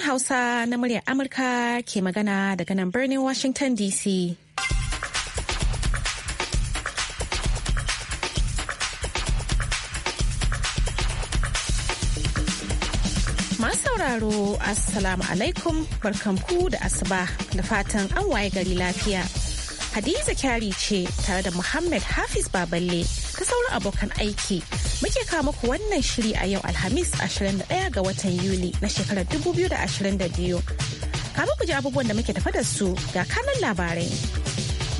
Sashen Hausa na muryar Amurka ke magana daga nan birnin Washington DC. Masu sauraro, Assalamu alaikum, barkanku da asuba da fatan an waye gari lafiya. Hadiza Kyari ce tare da Muhammad Hafiz Baballe ta sauran abokan aiki. Muke kawo muku wannan shiri a yau Alhamis 21 ga watan Yuli na shekarar 2022. Kamu ku ji abubuwan da muke tafa da su ga kanan labarai.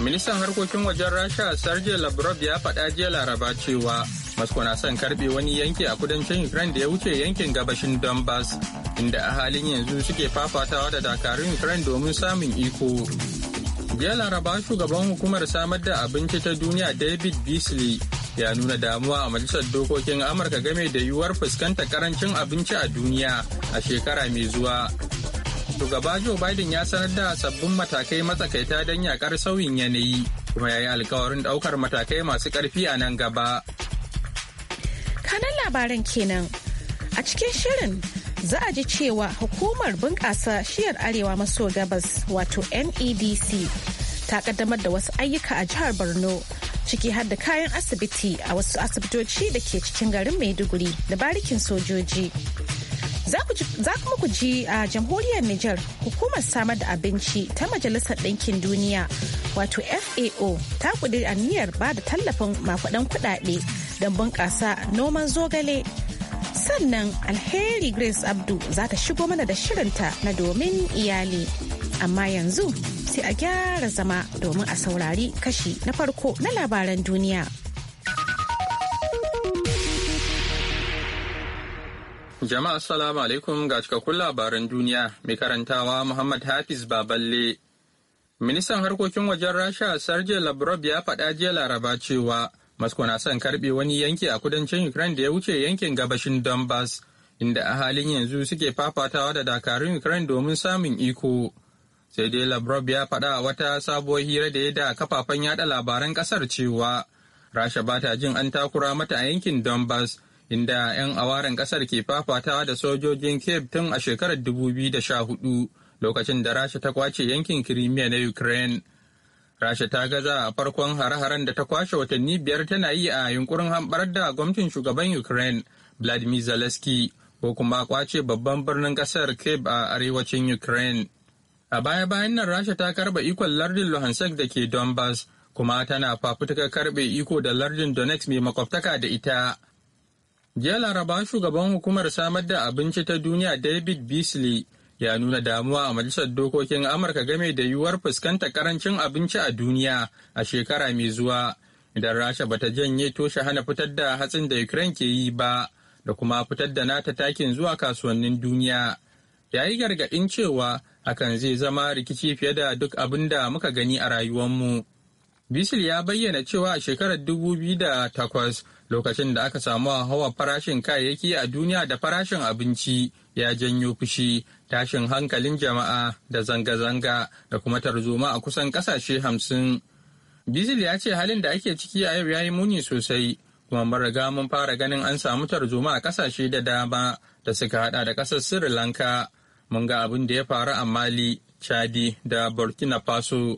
Ministan harkokin wajen Rasha Sergei Lavrov ya faɗa jiya Laraba cewa Moscow na son karɓe wani yanki a kudancin Ukraine da ya wuce yankin gabashin Donbass inda a halin yanzu suke fafatawa da dakarun Ukraine domin samun iko. jiya laraba shugaban hukumar samar da abinci ta duniya david beasley ya nuna damuwa a majalisar dokokin amurka game da yiwuwar fuskanta karancin abinci a duniya a shekara mai zuwa shugaba joe biden ya sanar da sabbin matakai matsakaita don yakar sauyin yanayi kuma ya yi alkawarin daukar matakai masu karfi a nan gaba kanan labaran kenan a cikin shirin za a ji cewa hukumar bunƙasa shiyar arewa maso gabas wato nedc ta kaddamar da wasu ayyuka a jihar borno ciki har da kayan asibiti a wasu asibitoci da ke cikin garin maiduguri da barikin sojoji za kuma ku ji a jamhuriyar Nijar hukumar samar da abinci ta Majalisar Ɗinkin Duniya wato FAO ta kudi aniyar ba da tallafin makudan kudade don bunƙasa noman zogale. Sannan alheri Grace Abdu za ta shigo mana da shirinta na domin iyali. Amma yanzu sai a gyara zama domin a saurari kashi na farko na labaran duniya. Jama'a Assalamu alaikum ga cikakkun labaran duniya mai karantawa Muhammad Hafiz Baballe. Ministan harkokin wajen Rasha Sergei Lavrov ya faɗa jiya Laraba cewa Moscow na son karɓe wani yanki a kudancin Ukraine da ya wuce yankin gabashin Donbass inda a halin yanzu suke fafatawa da dakarun Ukraine domin samun iko. sai dai lavrov ya faɗa a wata sabuwar hira da ya da kafafen yada labaran ƙasar cewa rasha ba ta jin an takura mata a yankin donbass inda 'yan awaren ƙasar ke fafatawa da sojojin kiev tun a shekarar 2014 lokacin da rasha ta kwace yankin crimea na ukraine rasha ta gaza a farkon hare-haren da ta kwashe watanni biyar tana yi a yunkurin hambar da gwamnatin shugaban ukraine vladimir zelensky ko kuma kwace babban birnin ƙasar kiev a arewacin ukraine A baya-bayan nan Rasha ta karba ikon lardin Luhansk da ke Donbass kuma tana fafutukar karbe iko da lardin Donetsk mai makwabtaka da ita. Jiya Laraba shugaban hukumar samar da abinci ta duniya David Beasley ya nuna damuwa a Majalisar Dokokin Amurka game da yiwuwar fuskanta karancin abinci a duniya a shekara mai zuwa idan Rasha bata janye toshe hana fitar da hatsin da Ukraine ke yi ba da kuma fitar da nata takin zuwa kasuwannin duniya. Ya yi gargaɗin cewa hakan zai zama rikici fiye da duk abin da muka gani a rayuwarmu. Bisil ya bayyana cewa a shekarar 2008 lokacin da aka samu hawa farashin kayayyaki a duniya da farashin abinci ya janyo fushi, tashin hankalin jama'a da zanga-zanga da kuma tarzoma a kusan kasashe hamsin. Bisil ya ce halin da ake ciki a yau ya yi muni sosai, kuma mun riga mun fara ganin an samu tarzoma a kasashe da dama da suka hada da ƙasar Sri Lanka. mun ga abin da ya faru a mali chadi da burkina faso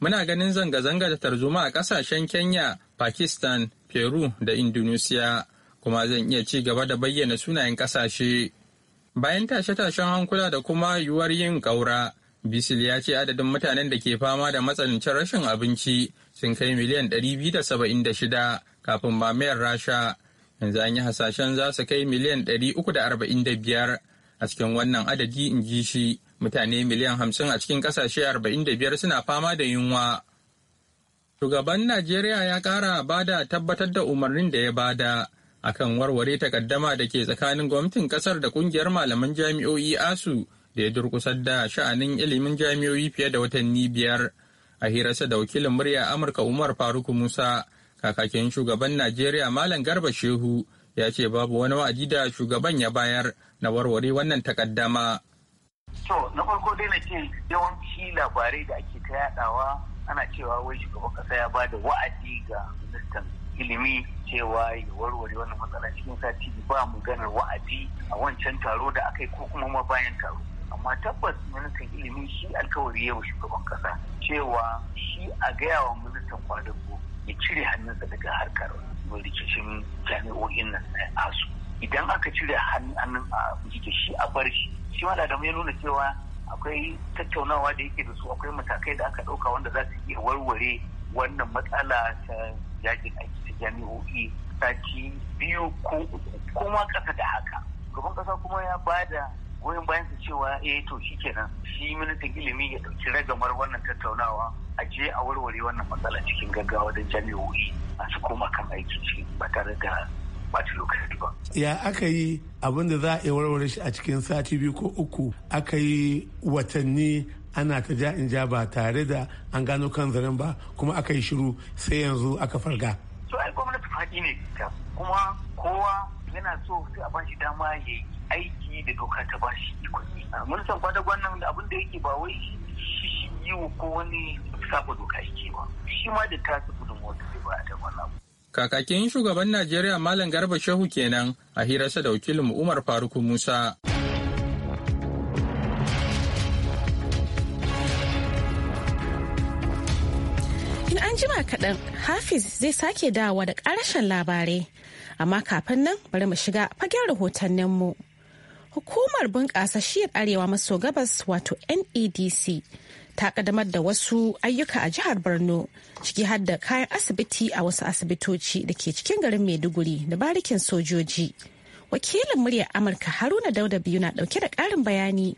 muna ganin zanga-zanga da tarzoma a kasashen kenya pakistan peru da indonesia kuma zan iya ci gaba da bayyana sunayen kasashe bayan tashe-tashen hankula da kuma yiwuwar yin ƙaura bisil ya ce adadin mutanen da ke fama da matsanancin rashin abinci sun kai miliyan 276 kafin mamayar rasha yanzu an yi hasashen za su kai miliyan 345 a cikin wannan adadi in ji shi mutane miliyan hamsin a cikin kasashe arba'in da biyar suna fama da yunwa shugaban najeriya ya kara bada tabbatar da umarnin da ya bada akan warware takaddama da ke tsakanin gwamnatin kasar da kungiyar malaman jami'o'i asu da ya durkusar da sha'anin ilimin jami'o'i fiye da watanni biyar a hirarsa da wakilin murya amurka umar faruk musa kakakin shugaban najeriya malam garba shehu ya ce babu wani wa'adi da shugaban ya bayar na warware wannan takaddama. To, na farko dai na ce yawanci labarai da ake ta yadawa ana cewa wai shugaban kasa ya ba da wa'adi ga ministan ilimi cewa ya warware wannan matsala cikin sati ba mu ganar wa'adi a wancan taro da aka yi ko kuma ma bayan taro. Amma tabbas ministan ilimi shi alkawari yau shugaban kasa cewa shi a gaya wa ministan kwadago ya cire hannunsa daga harkar rikicin jami'o'in nan na asu. idan aka cire hannun a da shi a bar shi shi ma da ya nuna cewa akwai tattaunawa da yake da su akwai matakai da aka ɗauka wanda za su iya warware wannan matsala ta yakin aiki ta jami'o'i sati biyu ko uku kuma kasa da haka gaban kasa kuma ya ba da goyon bayan sa cewa eh to shikenan kenan shi ministan ilimi ya ɗauki ragamar wannan tattaunawa a je a warware wannan matsala cikin gaggawa da jami'o'i masu koma kan aiki ba tare da ɓata lokaci ba. Ya aka yi abin da za a iya warware shi a cikin sati biyu ko uku aka yi watanni ana ta ja in ja ba tare da an gano kan zaren ba kuma aka yi shiru sai yanzu aka farga. So ai gwamnati faɗi ne kuma kowa yana so sai a bashi dama ya yi aiki da doka ta bashi ikon Mun san kwadagwan nan abin da yake ba wai shi yi ko wani saba doka yake ba. Shi ma da ta su gudun wata ba a da wani Kakakin shugaban Najeriya Malam Garba Shehu kenan a hirarsa da wakilin Umar Faruk Musa. In an jima kaɗan Hafiz zai sake dawa da ƙarashen labarai. Amma kafin nan bari mu shiga fagen rahotanninmu. mu. hukumar bunƙasa shiyar arewa maso gabas wato nedc ta kaddamar da wasu ayyuka a jihar borno ciki har da kayan asibiti a wasu asibitoci da ke cikin garin maiduguri da barikin sojoji wakilin muryar amurka haruna dauda biyu na dauke da karin bayani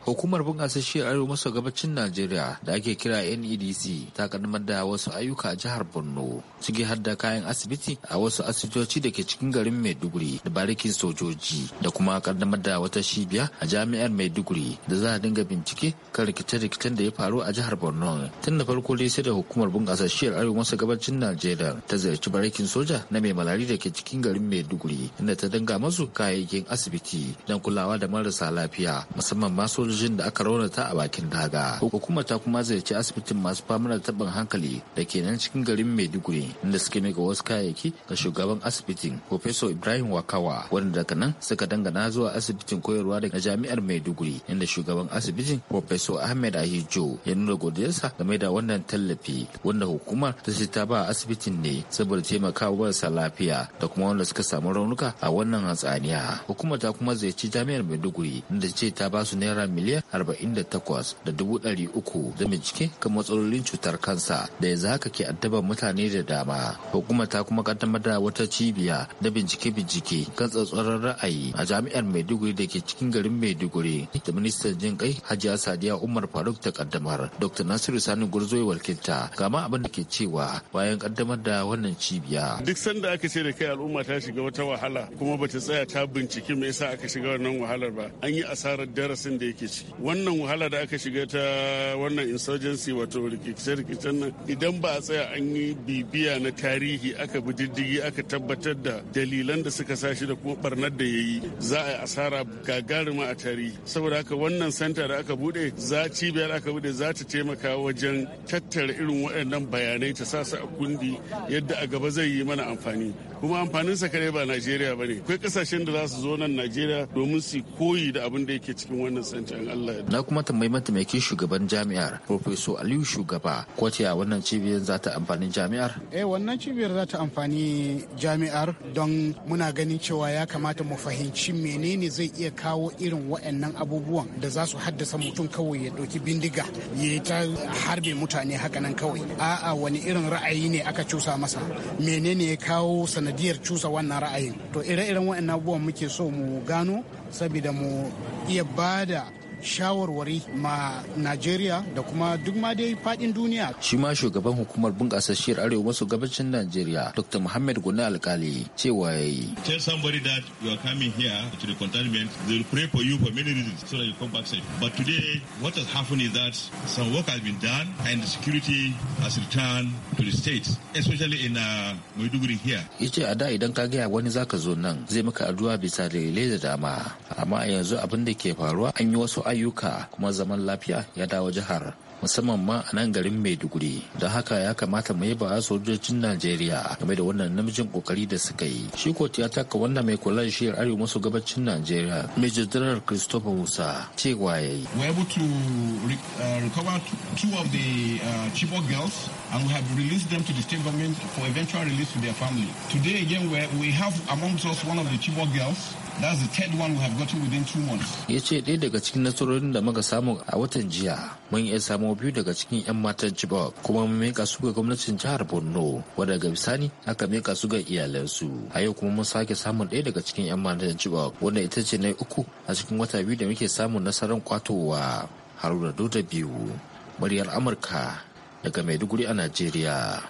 Hukumar bunƙasa shi arewa maso gabacin Najeriya da ake kira NEDC ta kaddamar da wasu ayyuka a jihar Borno ciki har da kayan asibiti a wasu asibitoci da ke cikin garin Maiduguri da barikin sojoji da kuma kaddamar da wata shibiya a jami'ar Maiduguri da za a dinga bincike kan rikice-rikicen da ya faru a jihar Borno. Tun da farko dai sai da hukumar bunƙasa shi arewa maso gabacin Najeriya ta ziyarci barikin soja na mai malari da ke cikin garin Maiduguri inda ta dinga masu kayayyakin asibiti don kulawa da marasa lafiya musamman masu. sojojin da aka raunata a bakin daga hukumar ta kuma ziyarci asibitin masu fama da taɓin hankali da ke nan cikin garin maiduguri inda suke mika wasu kayayyaki ga shugaban asibitin professor ibrahim wakawa wanda daga nan suka dangana zuwa asibitin koyarwa da jami'ar maiduguri inda shugaban asibitin professor ahmed ahijo ya nuna godiyarsa game da wannan tallafi wanda hukumar ta ce ta ba asibitin ne saboda taimakawa marasa lafiya da kuma wanda suka samu raunuka a wannan hatsaniya hukumar ta kuma ci jami'ar maiduguri inda ce ta ba su naira miliyan 48 da dubu ɗari uku da bincike kan matsalolin cutar kansa da yanzu haka ke addaban mutane da dama. Hukumar ta kuma kaddamar da wata cibiya da bincike-bincike kan tsatsoron ra'ayi a jami'ar Maiduguri da ke cikin garin Maiduguri da ministan jin kai Hajiya Sadiya Umar Faruk ta kaddamar. Dr. Nasiru Sani Gurzoyi Walkinta ma abin da ke cewa bayan kaddamar da wannan cibiya. Duk sanda aka ce da kai al'umma ta shiga wata wahala kuma bata tsaya ta bincike me yasa aka shiga wannan wahalar ba an yi asarar darasin da yake wannan wahala da aka shiga ta wannan insurgency wato rikice-rikicen nan idan ba a tsaya an yi bibiya na tarihi aka bi diddigi aka tabbatar da dalilan da suka sashi da kuma barnar da ya yi za a yi asara gagarima a tarihi saboda haka wannan santa da aka bude za cibiyar aka bude za ta taimaka wajen tattara irin waɗannan bayanai ta sa su a kundi yadda a gaba zai yi mana amfani kuma amfanin sa kare ba najeriya ba ne akwai kasashen da za su zo nan najeriya domin su koyi da abin da yake cikin wannan santa Na kuma tambayi mataimakin shugaban jami'ar Profesor Aliyu Shugaba ko ta wannan cibiyar za ta amfani jami'ar? Eh wannan cibiyar za ta amfani jami'ar don muna ganin cewa ya kamata mu fahimci menene zai iya kawo irin wa'annan abubuwan da za su haddasa mutum kawai ya ɗauki bindiga ya ta harbe mutane hakanan kawai. A'a wani irin ra'ayi ne aka cusa masa menene ya kawo sanadiyar cusa wannan ra'ayin to ire-iren waɗannan abubuwan muke so mu gano saboda mu iya bada shawarwari ma Najeriya da kuma duk ma dai fadin duniya. Shi ma shugaban hukumar shiyar arewa maso gabacin Najeriya Dr. Muhammad Guna Alkali cewa ya yi. Tell somebody that you are coming here to the containment, they will pray for you for many reasons so that you come back safe. But today what has happened is that some work has been done and the security has returned to the states, especially in uh, Maiduguri here. ce a da idan ka gaya wani zaka zo nan zai maka addu'a bisa dalilai da dama amma a yanzu abin da ke faruwa an yi wasu ayyuka kuma zaman lafiya ya dawo jihar musamman ma a nan garin maiduguri don haka ya kamata mu baya sojojin najeriya game da wannan namijin kokari da suka yi shi ko ya taka wannan mai kula da shiyar arewa maso gabacin najeriya major general christopher musa cewa ya yi we able to uh, recover two of the uh, chibok girls and we have released them to the state government for eventual release to their family today again we have amongst us one of the chibok girls Ya ce ɗaya daga cikin nasarorin da muka samu a watan jiya mun iya samo biyu daga cikin 'yan matan Chibok kuma mun mika su ga gwamnatin jihar Borno wadda ga bisani aka mika su ga iyalansu. A yau kuma mun sake samun ɗaya daga cikin 'yan matan Chibok wanda ita ce na uku a cikin wata biyu da muke samun nasarar kwatowa. Haruna Dodo biyu muryar Amurka daga Maiduguri a Najeriya.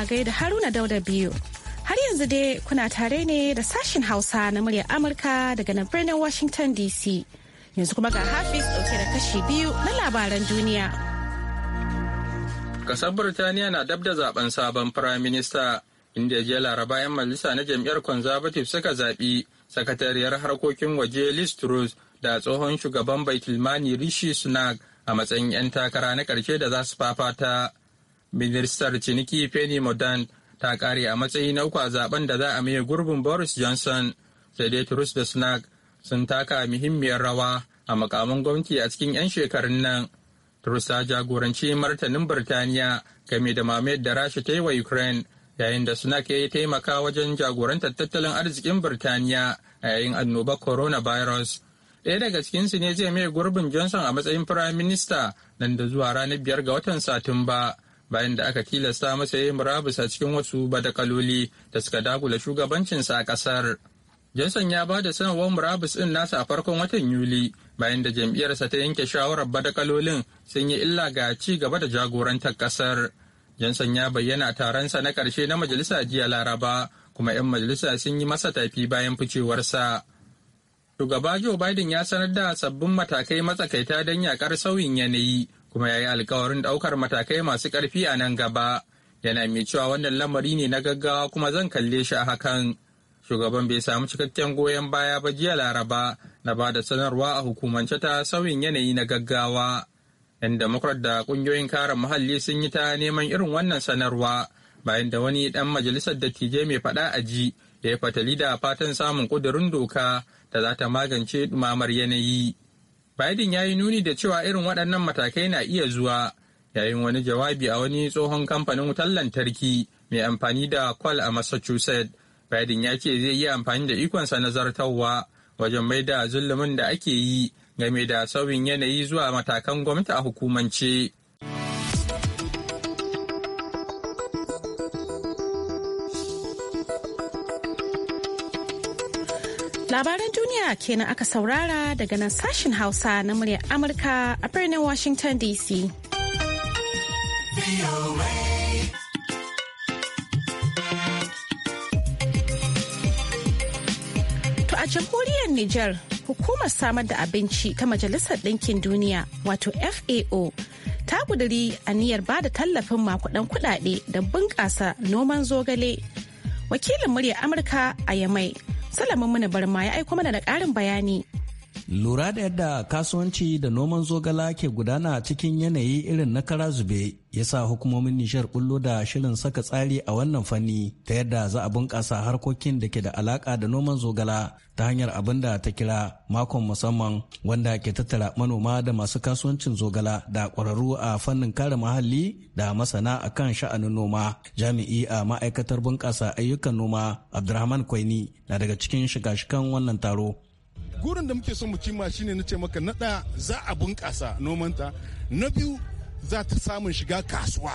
a da Haruna Dauda biyu. Har yanzu dai kuna tare ne da sashen Hausa na muryar Amurka daga nan birnin Washington DC. Yanzu kuma ga Hafiz dauke da kashi biyu na labaran duniya. Kasar Birtaniya na dab da zaben sabon firaminista inda jiya laraba 'yan majalisa na jam'iyyar conservative suka zaɓi sakatariyar harkokin waje Liz Truss da tsohon shugaban Baitulmani Rishi Sunak a matsayin 'yan takara na ƙarshe da za su fafata. ministar ciniki penny modern ta kare a matsayi na uku a zaben da za a maye gurbin boris johnson sai dai turus da snack sun taka muhimmiyar rawa a makaman gwamnati a cikin 'yan shekarun nan turus ta jagoranci martanin birtaniya game da mamayar da rasha ta yi wa ukraine yayin da snak ya yi taimaka wajen jagorantar tattalin arzikin birtaniya a yayin annobar coronavirus ɗaya daga cikinsu ne zai maye gurbin johnson a matsayin firayim minista nan da zuwa ranar biyar ga watan satumba bayan da aka tilasta masa yin murabus a cikin wasu badakaloli da suka dagula shugabancinsa a kasar. Johnson ya ba da sanarwar murabus ɗin nasa a farkon watan Yuli bayan da jam'iyyarsa ta yanke shawarar badakalolin sun yi illa ga ci gaba da jagorantar kasar. Johnson ya bayyana taronsa na karshe na majalisa jiya Laraba kuma 'yan majalisa sun yi masa tafi bayan ficewarsa. Shugaba Joe Biden ya sanar da sabbin matakai matsakaita don yakar sauyin yanayi kuma ya yi alkawarin ɗaukar matakai masu karfi a nan gaba yana mai cewa wannan lamari ne na gaggawa kuma zan kalle shi a hakan shugaban bai samu cikakken goyon baya ba jiya laraba na ba da sanarwa a hukumance ta sauyin yanayi na gaggawa yan democrat da kungiyoyin kare muhalli sun yi ta neman irin wannan sanarwa bayan da wani dan majalisar dattijai mai fada a ji ya yi fatali da fatan samun kudurin doka da za ta magance dumamar yanayi Biden ya yi nuni da cewa irin waɗannan matakai na iya zuwa yayin wani jawabi a wani tsohon kamfanin wutar lantarki mai amfani da kwal a Massachusetts. Biden ya ce zai yi amfani da ikonsa na zartarwa wajen mai da zulumin da ake yi game da sauyin yanayi zuwa matakan gwamnati a hukumance. Labaran duniya kenan aka saurara daga nan sashen Hausa na muryar Amurka a birnin Washington DC. To a jamhuriyar Nijar, hukumar samar da abinci ta Majalisar Ɗinkin Duniya wato FAO ta a aniyar ba da tallafin makudan kuɗaɗe da bunƙasa noman zogale. Wakilin muryar Amurka a Yamai Salamin bar ma ya aiko mana da ƙarin bayani. Lura da yadda kasuwanci da noman zogala ke gudana cikin yanayi irin na kara zube ya sa hukumomin Nishar bullo da shirin saka tsari a wannan fanni ta yadda za a bunƙasa harkokin da ke da alaƙa da noman zogala ta hanyar abin da ta kira makon musamman wanda ke tattara manoma da masu kasuwancin zogala da ƙwararru a fannin kare muhalli da masana a kan sha'anin noma. Jami'i a ma'aikatar bunƙasa ayyukan noma Abdulrahman Kwaini na daga cikin shiga shikan wannan taro. gurin da muke son mu cimma shine na ce maka na ɗaya za a bunƙasa nomanta na biyu za ta samun shiga kasuwa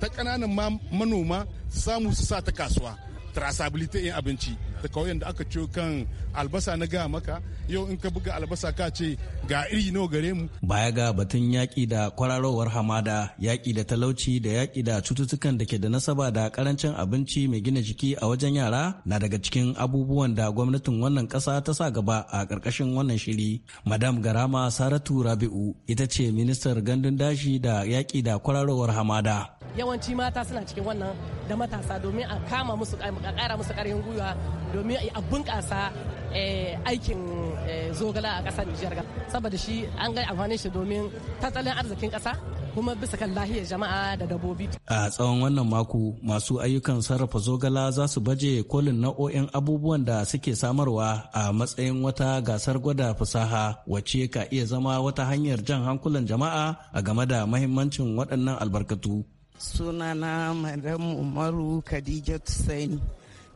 ta ƙananan manoma samu su sa ta kasuwa trasability in abinci da kauyen da aka ciyo kan albasa na gaya maka yau in ka buga albasa ka ce ga iri nawa gare mu baya ga batun yaƙi da kwararowar hamada yaƙi da talauci da yaƙi da cututtukan da ke da nasaba da karancin abinci mai gina jiki a wajen yara na daga cikin abubuwan da gwamnatin wannan ƙasa ta sa gaba a ƙarƙashin wannan shiri madam garama saratu rabi'u ita ce ministar gandun dashi da yaƙi da kwararowar hamada yawanci mata suna cikin wannan da matasa domin a kama musu ƙara musu ƙarfin gwiwa domin a bunƙasa eh, aikin eh, zogala a ƙasar Nijar saboda shi an ga amfanin shi domin tattalin arzikin ƙasa kuma bisa kan lahiyar jama'a da dabbobi. A tsawon wannan mako masu ayyukan sarrafa zogala za su baje kolin nau'o'in abubuwan da suke samarwa a matsayin wata gasar gwada fasaha wacce ka iya zama wata hanyar jan hankulan jama'a a game da mahimmancin waɗannan albarkatu. Sunana Madam Umaru Khadija Tussaini.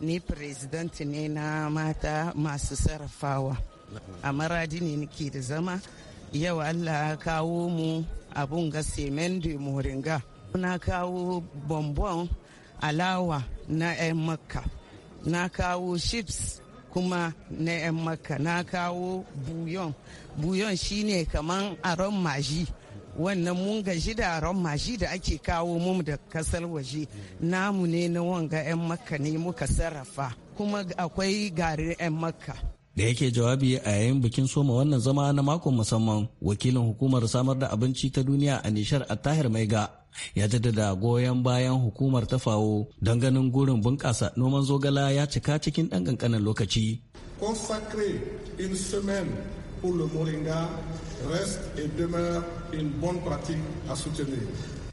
ni president ne na mata masu sarrafawa a maradi ne nake da zama yau allah kawo mu abun ga semen de moringa na kawo bonbon alawa na 'yan makka na kawo chips kuma na 'yan makka na kawo buyon buyon shine kaman aron maji wannan mun gaji da mashi da ake kawo mu da kasar waje namu ne na wanga 'yan makka ne muka sarrafa kuma akwai garin 'yan makka da yake jawabi a yayin bikin soma wannan zama na makon musamman wakilin hukumar samar da abinci ta duniya a nishar attahir maiga ya jaddada goyon bayan hukumar ta fawo don ganin gurin bunƙasa noman zogala ya cika cikin ɗan ƙanƙanin lokaci une semaine pour le Moringa reste et demeure une bonne pratique à soutenir.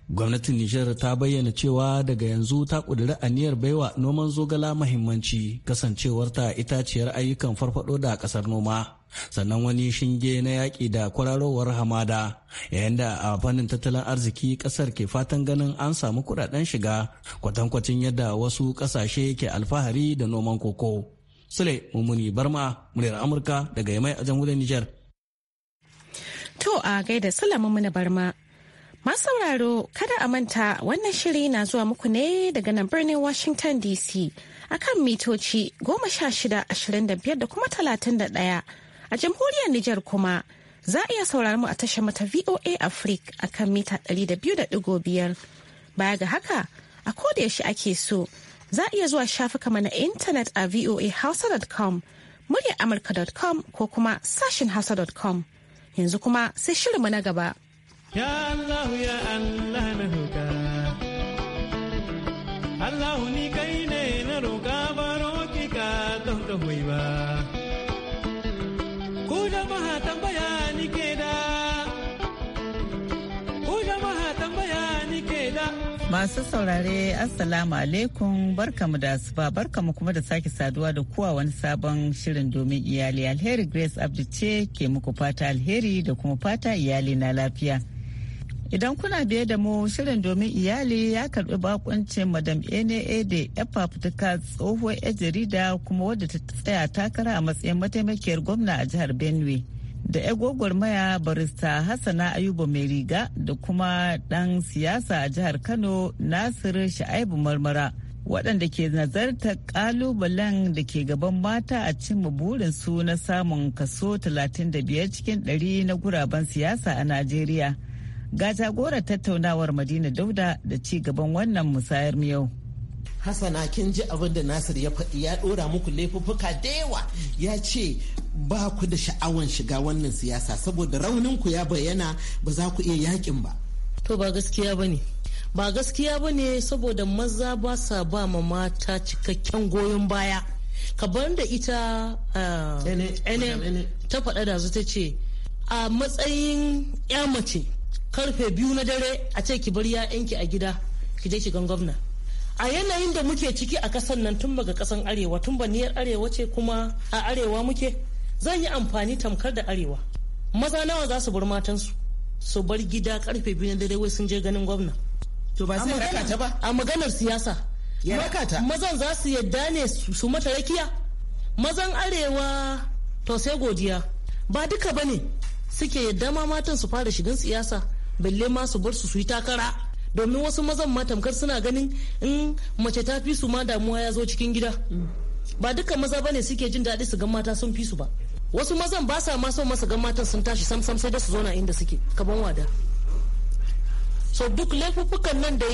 Gwamnatin Nijar ta bayyana cewa daga yanzu ta ƙudiri aniyar baiwa noman zogala mahimmanci kasancewarta itaciyar ayyukan farfado da ƙasar noma. sannan wani shinge na yaƙi da kwararowar hamada yayin da a fannin tattalin arziki ƙasar ke fatan ganin an samu kudaden shiga kwatankwacin yadda wasu ƙasashe ke alfahari da noman koko Sule Mummuni Barma, muryar Amurka daga Yamai a jamhuriyar Nijar. To a gaida Sule Mummuni Barma. Masu sauraro kada a manta wannan shiri na zuwa muku ne daga nan birnin Washington DC akan mitoci goma sha da kuma 31 a jamhuriyar Nijar kuma za a iya saurari mu a tashar mata VOA Africa akan mita 200.5 da da Baya ga haka a koda yaushe ake so za a iya zuwa shafuka mana intanet a voahausa.com muryar amurka.com ko kuma sashin hausa.com yanzu kuma sai shirinmu na gaba. Ya Allah ya Allah na Allah ni kai Masu saurare Assalamu alaikum barkamu da asuba barkamu kuma da sake saduwa da kuwa wani sabon shirin domin iyali alheri Grace Abdi ce ke muku fata alheri da kuma fata iyali na lafiya. Idan kuna biye da mu shirin domin iyali ya karbi bakuncin madam Ene da ya fitaka tsohuwar 'yar jarida kuma wadda ta tsaya takara a matsayin mataimakiyar gwamna a jihar Benue. da 'yan maya barista hassana ayuba mai riga da kuma ɗan siyasa a jihar kano nasir sha'ibu marmara waɗanda ke nazartar ƙalubalen da ke gaban mata a cimma burinsu na samun kaso 35 cikin 100 na guraben siyasa a najeriya ga jagorar tattaunawar madina dauda da ci gaban wannan musayar yau. hasana kin ji abin da nasir ya faɗi ya ɗora muku laifuffuka da yawa ya ce ba ku da sha'awan shiga wannan siyasa saboda raunin ku ya bayyana ba za ku iya yakin ba to ba gaskiya ba ne ba gaskiya ba ne saboda maza ba sa ba ma mata cikakken goyon baya kabar da ita ah, ta faɗa da ta ce a matsayin 'ya mace karfe biyu na dare a ce ki bar 'ya'yanki a gida ki je ki ga gwamna a yanayin da muke ciki a kasan nan tun baga kasan arewa tun baniyar arewa ce kuma a arewa muke zan yi amfani tamkar da arewa maza nawa za su bar matansu su bar gida karfe biyu na dare wai sun je ganin gwamna to ba sai rakata ba a maganar siyasa rakata mazan za su yadda ne su mata rakiya mazan arewa to sai godiya ba duka bane suke yadda ma matan su fara shigan siyasa balle ma su bar su su yi takara domin wasu mazan ma suna ganin in mace ta fi su ma damuwa ya zo cikin gida ba duka maza bane suke jin daɗi su ga mata sun fi su ba wasu mazan ba sa ma son masa ga matan sun tashi sam sam sai da su zauna inda suke kaban wada so duk laifuffukan nan da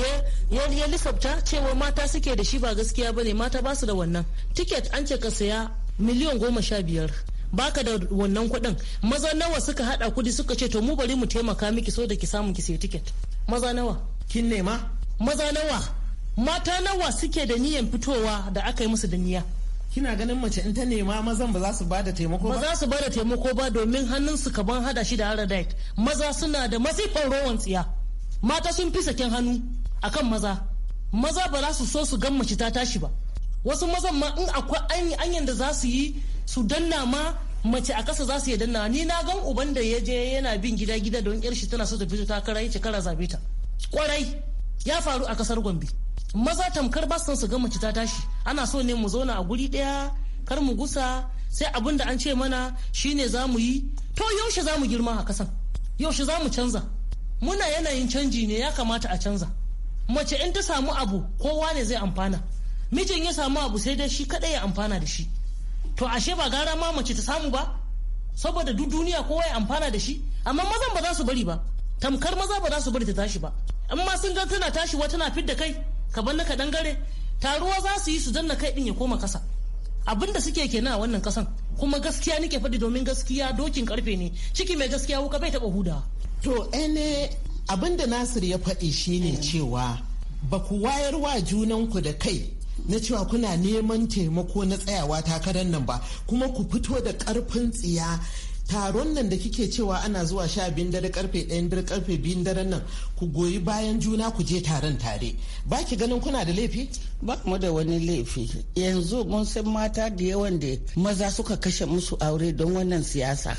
ya lissafta cewa mata suke da shi ba gaskiya bane mata ba su da wannan tiket an ce ka saya miliyan goma sha biyar baka da wannan kuɗin maza nawa suka hada kudi suka ce to mu bari mu taimaka miki so da ki samu ki sayi tiket maza nawa kin nema maza nawa mata nawa suke da niyan fitowa da aka yi musu da kina ganin mace in ta nema mazan ba za su bada taimako ba ba za su bada taimako ba domin hannun su kaban hada shi da haradite maza suna da masifan rowan tsiya mata sun fi sakin hannu akan maza maza ba za su so su gan mace ta tashi ba wasu mazan ma in akwai anyan da za su yi su danna ma mace a kasa za su yi danna ni na gan uban da ya je yana bin gida gida don yar shi tana so ta fito takara kara zabe ta kwarai ya faru a kasar gombe maza tamkar ba su ga mace ta tashi ana so ne mu zauna a guri daya, kar mu gusa sai abin da an ce mana shine za mu yi to yaushe za mu girma a kasan yaushe za mu canza muna yanayin canji ne ya kamata a canza mace in ta samu abu kowa ne zai amfana mijin ya samu abu sai dai shi kadai ya amfana da shi to ashe ba gara ma mace ta samu ba saboda duk duniya kowa ya amfana da shi amma mazan ba za su bari ba tamkar maza ba za su bari ta tashi ba amma sun ga tana tashi wa tana fidda kai ka bar na kaɗan gare taruwa za su yi su danna kai din ya koma kasa abin da suke kenan a wannan kasan kuma gaskiya nike faɗi domin gaskiya dokin karfe ne ciki mai gaskiya wuka bai taɓa hudawa. to ene abin da nasir ya faɗi shine eh. cewa ba ku wayar wa junanku da kai na cewa kuna neman taimako na tsayawa takarar nan ba kuma ku fito da ƙarfin tsiya taron nan da kike cewa ana zuwa sha biyun dare karfe ɗayan dare karfe biyun daren nan ku goyi bayan juna ku je taron tare ba ki ganin kuna da laifi ba mu da wani laifi yanzu mun san mata da yawan da maza suka kashe musu aure don wannan siyasa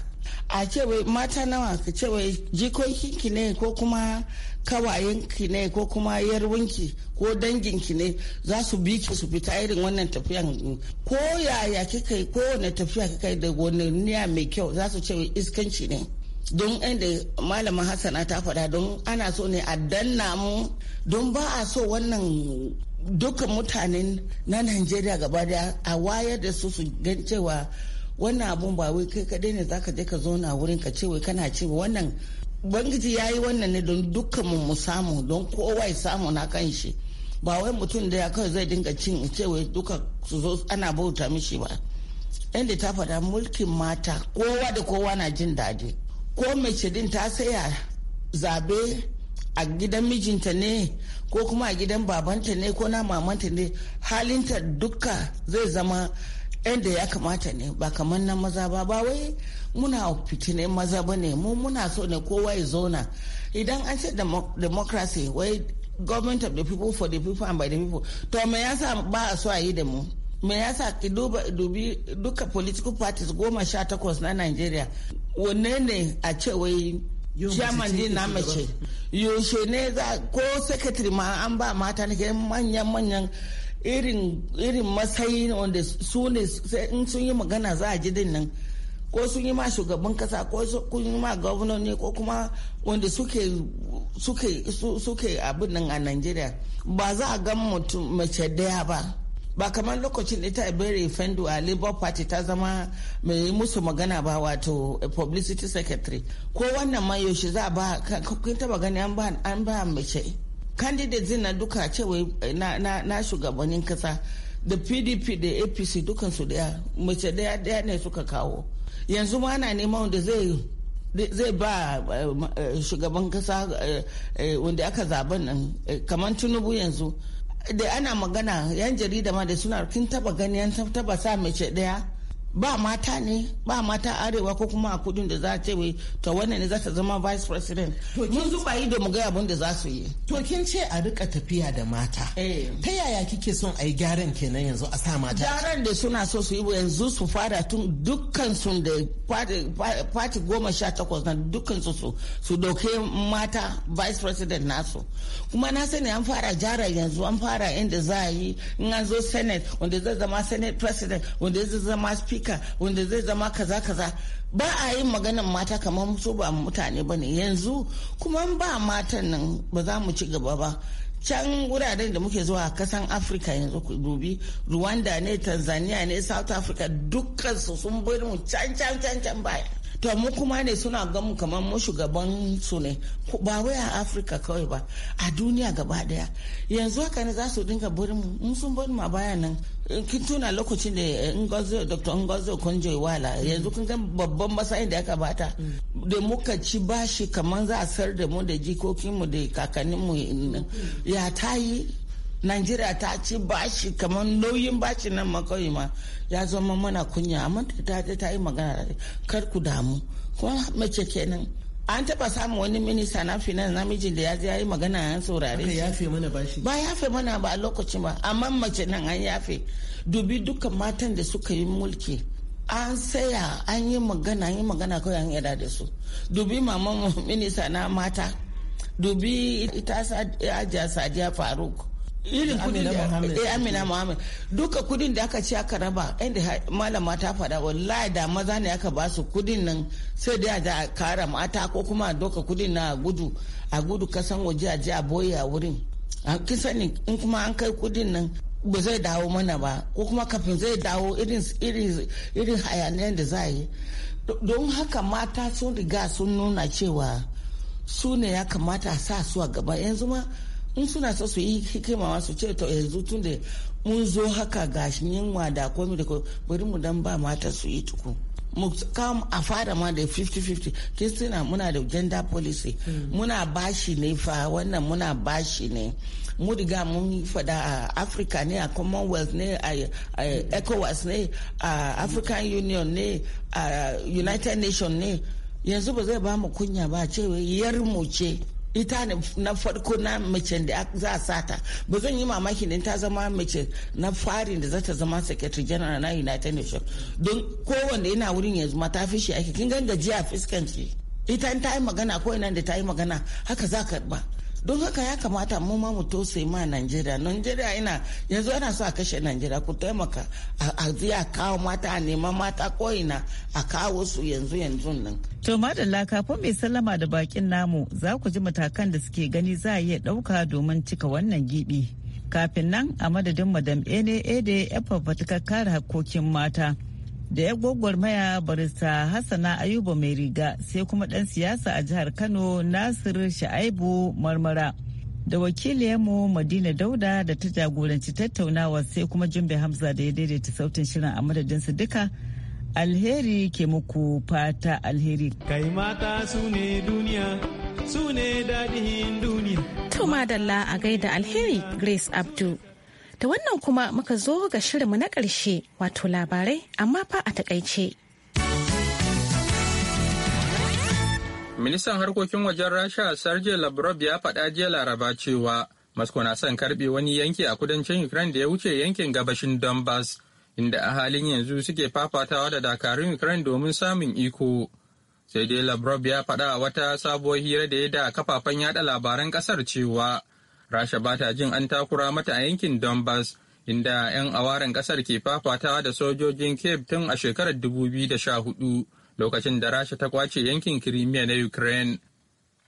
a mata nawa ka ce wai jikokinki ne ko kuma kawayenki ne ko kuma yarwinki ko danginki ne za su bi ki su fita irin wannan tafiyan ko yaya kika yi wani tafiya kika yi da wani niyya mai kyau za su ce iskanci ne don inda malama hassana ta faɗa don ana so ne a danna mu don ba a so wannan dukkan mutanen na najeriya gaba daya a wayar da su su gan cewa wannan abun ba wai kai kadai ne zaka je ka zauna wurin ka ce wai kana ci wannan bangiji ya yi wannan ne don dukkanmu mu samu don kowa ya samu na kan shi ba wai mutum da ya kawai zai dinga cin ce wai duka su zo ana bauta mishi ba yadda ta faɗa mulkin mata kowa da kowa na jin daɗi ko mace din ta saya zabe a gidan mijinta ne ko kuma a gidan babanta ne ko na mamanta ne halinta duka zai zama yadda ya kamata ne ba kamar na maza ba ba wai muna fitinin maza ba ne mu muna so ne kowa ya zauna idan an ce democracy wai government of the people for the people and by the people to me yasa ba a so a yi da mu me yasa ki duba dubi duka political parties goma sha takwas na Nigeria wanne ne a ce wai chairman din na mace yaushe ne za ko secretary ma an ba mata ne manyan manyan irin matsayi wanda su ne in sun yi magana za a ji din nan ko sun yi ma shugaban kasa ko sun yi ma gwamnati ne ko kuma wanda suke suke suke abin nan a Najeriya ba za a gan mutum mace daya ba ba kamar lokacin ita bere Fendu a Labour Party ta zama mai musu magana ba wato publicity secretary ko wannan ma za a ba taba gani an ba mace candidates na duka cewa eh, na, shugabannin kasa da pdp da apc dukansu daya mace daya daya ne suka kawo yanzu ma ana neman wanda zai ba eh, eh, shugaban kasa wanda aka zaben nan kamar tunubu yanzu da ana magana yan jarida ma da suna kin taba gani yan taba sa mace daya ba mata ne ba mata arewa ko kuma a kudin da za ta wai ta wannan ne za ta zama vice president mun zuba da mu ga abin da za su yi to kin ce a rika tafiya da mata eh. ta yaya kike son a yi gyaran kenan yanzu a sa mata gyaran da suna so su yi yanzu su fara tun dukkan su da party goma sha takwas na dukkan su su su dauke mata vice president nasu kuma na sani an fara jara yanzu an fara inda za a yi in an zo senate wanda zai zama senate president wanda zai zama speaker ayyuka wanda zai zama kaza kaza ba a yin maganan mata kamar su ba mutane ba ne yanzu kuma ba matan nan ba za mu ci gaba ba can wuraren da muke zuwa kasan afirka yanzu ku dubi rwanda ne tanzania ne south africa dukkan su sun bar mu can can can can baya to mu kuma ne suna gamu kamar mu shugaban su ne ba wai a afirka kawai ba a duniya gaba daya yanzu haka ne za su dinga barin mu mun sun barin ma baya nan eh, kin tuna lokacin da ngozo eh, dr ngozo konjo wala yanzu kun ga babban masayin da ya kamata. Mm. da muka ci bashi kamar za a sar da mu da jikokin mu da kakannin mu mm. ya tayi Najeriya ta ci bashi kamar nauyin bashi nan makawai ma ya zama mana kunya amma ta ta yi magana kar ku damu kuma mace kenan an taba samun wani minista na finance namijin da ya je ya yi magana ya saurare mana bashi ba mana ba a lokacin ba amma mace nan an ya fi. dubi dukkan matan da suka yi mulki an saya an yi magana an yi magana kawai an yada da su dubi maman minista na mata dubi ita ajiya sadiya faruk irin kudin da ya eh, Amina Muhammad duka kudin da aka ci aka raba inda malama ta faɗa wallahi da maza ne aka ba su kudin nan sai da a kara mata ko kuma doka kudin na gudu a gudu kasan waje a je a boye a wurin kin sani in kuma an kai kudin nan ba zai dawo mana ba ko kuma kafin zai dawo irin hayaniyar da za yi don haka mata sun riga sun nuna cewa su ne ya kamata sa su a gaba yanzu ma in suna so su yi hikimawa su ce to yanzu tun da mun zo haka ga yunwa da komi da bari mu dan ba mata su yi tuku mu kam a fara ma da 50-50 kristina muna da gender policy hmm. muna bashi ne fa wannan muna bashi ne mu riga mun fada a africa ne a commonwealth ne a ecowas ne a african union ne a united nation ne yanzu ba zai ba mu kunya ba cewa yar mu ce ita na farko na mace da za a sata ba zan yi mamaki da ta zama mace na farin da za ta zama secretary general na united nations don kowanne yana wurin yanzu ma ta fi shi ake kin gan gajiya fuskanci ita ta yi magana ko ina da ta yi magana haka za ka ba don haka ya kamata mu ma mu tose ma najeriya najeriya ina yanzu ana so a kashe najeriya ku taimaka a a kawo mata a nema mata ko'ina a kawo su yanzu yanzu nan to madalla kafin mai sallama da bakin namu za ku ji matakan da suke gani za a iya dauka domin cika wannan gibi kafin nan a madadin madam ene ede efa fatakar kare hakkokin mata da ya gwagwarmaya barista hassana ayuba mai riga sai kuma dan siyasa a jihar kano nasir sha'aibu marmara da wakiliyarmu madina dauda da ta jagoranci tattaunawa sai kuma jumbe hamza da ya daidaita sautin shirin a madadinsu duka alheri ke muku fata alheri kai mata su ne duniya su ne dadihin duniya to madalla a gaida alheri grace abdu Da wannan kuma muka zo ga shirinmu na ƙarshe wato labarai amma fa a takaice. Ministan harkokin wajen Rasha Sergei Lavrov ya faɗa jiya Laraba cewa Moscow na son karɓe wani yanki a kudancin Ukraine da ya wuce yankin gabashin Donbass inda a halin yanzu suke fafatawa da dakarun Ukraine domin samun iko. Sai dai Lavrov ya faɗa a wata sabuwar hira da ya da kafafen yada labaran ƙasar cewa rasha ba ta jin an takura mata a yankin donbass inda 'yan awaren kasar ke fafatawa da sojojin kiev tun a shekarar 2014 lokacin da rasha ta kwace yankin crimea na ukraine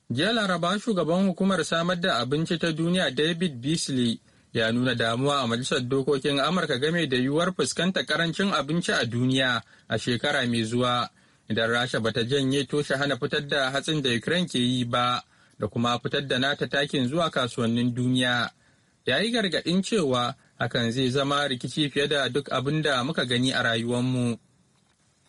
jiya laraba shugaban hukumar samar da abinci ta duniya david beasley ya nuna damuwa a majalisar dokokin amurka game da yiwuwar fuskantar karancin abinci a duniya a shekara mai zuwa idan rasha bata janye toshe hana fitar da hatsin da ukraine ke yi ba da kuma fitar da nata takin zuwa kasuwannin duniya ya yi gargaɗin cewa hakan zai zama rikici fiye da duk abin da muka gani a rayuwarmu.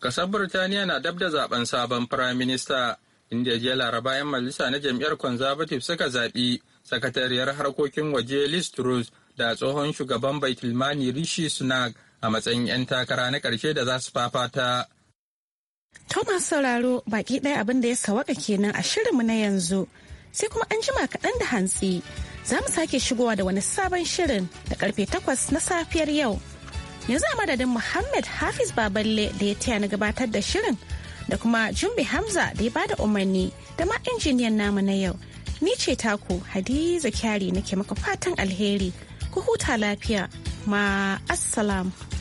Kasar Birtaniya na dab da zaben sabon firaminista inda ya laraba 'yan majalisa na jam'iyyar conservative suka zaɓi sakatariyar harkokin waje Liz Truss da tsohon shugaban Baitulmani Rishi Sunak a matsayin 'yan takara na ƙarshe da za su fafata. Thomas Sauraro baki ɗaya abin da ya sawaka kenan a shirinmu na yanzu. sai kuma an jima kaɗan da hantsi za mu sake shigowa da wani sabon shirin da karfe takwas na safiyar yau. Yanzu a madadin Muhammad Hafiz Baballe da ya taya na gabatar da shirin da kuma Jumbe Hamza da ya bada umarni da ma injiniyan namu na yau. Ni ce taku Hadiza Kyari nake maka fatan alheri, ku huta lafiya, ma assalamu.